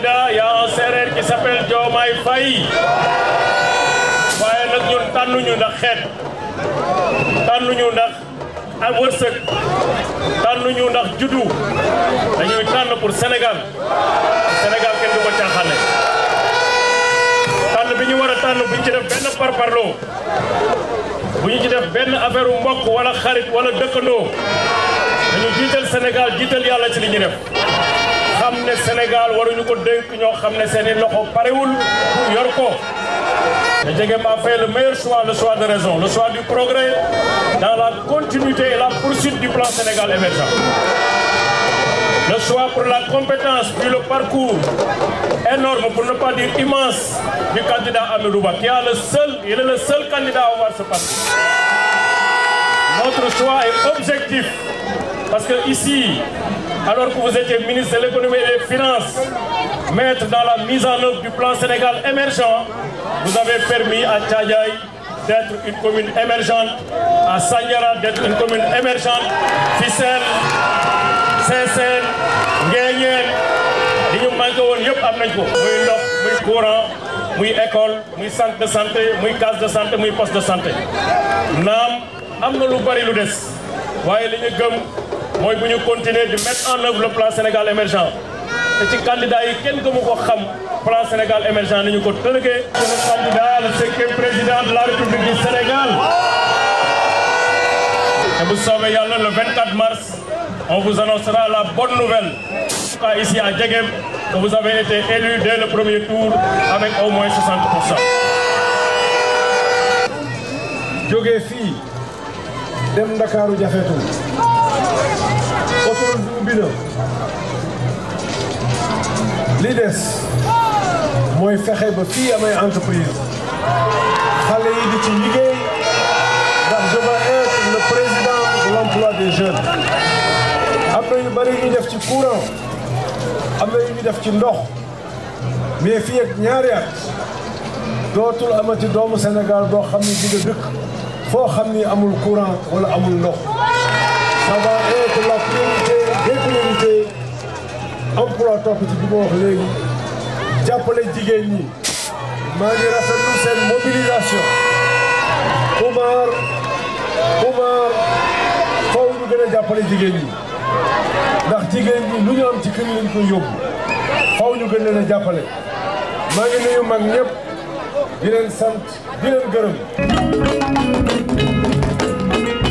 candidat y a un séeréer qui s'appelle Diomaye Faye waaye nag ñun tànnuñu ndax xeet pour Sénégal Sénégal kenn du ko caaxaane bi ñu war a tànn bu ñu ci def benn parparloo bu ñu ci def benn affaire u mbokk wala xarit wala dëkkandoo dañu jiital Sénégal jiital yàlla ci li ñu def xam ne Sénégal waruñu ko dénk ñoo xam ne seen i loxo parewul yor ko le Djegem a fait le meilleur choix le choix de raison le choix du progrès dans la continuité et la poursuite du plan Sénégal émergent le choix pour la compétence puis le parcours énorme pour ne pas dire immense du candidat Amadou Ba qui a le seul il est le seul candidat à avoir ce parti notre choix est objectif parce que ici alors que vous étiez ministre de l'économie et des finances, dans la mise en œuvre du plan Sénégal émergent, vous avez permis à Tchadjaï d'être une commune émergente, à Sanyara d'être une commune émergente, Ficelle, Sessène, Nguyen, li ñu manqué woon yëpp am nañ ko. muy ndox muy courant muy école muy centre de santé muy case de santé muy poste de santé naam am na lu bari lu des li ñu gëm. mooy bu ñu continuer di mettre en œuvre le plan Sénégal émergent te ci candidat kenn gëmu ko xam plan Sénégal émergent ni ñu ko tënkee. le candidat le cinquième président de la République du Sénégal. te bu soobee yàlla le 24 mars on vous annoncera la bonne nouvelle. en tout à Dieguem que vous avez été élu dès le premier tour avec au moins jógee fii dem Ndakaaru jafetul. li des mooy fexe ba fi amee entreprise xale yi di ci liggéey ndax je vais le président l'emploi des jeunes am na yu bari ñu def ci courant am na yu ñu def ci ndox mais fii ak ñaari at dootul amati doomu Sénégal doo xam ni di foo xam ni amul courant wala amul ndox ça va être la déclinité emploi topp ci bi ma wax léegi jàppale jigéen ñi maa ngi rafetlu seen mobilisation Kumar Kumar faw ñu gën a jàppale jigéen ñi ndax jigéen ñi lu ñu am ci kër yi lañ koy yóbbu faw ñu gën leen a jàppale maa ngi nuyu sant di leen gërëm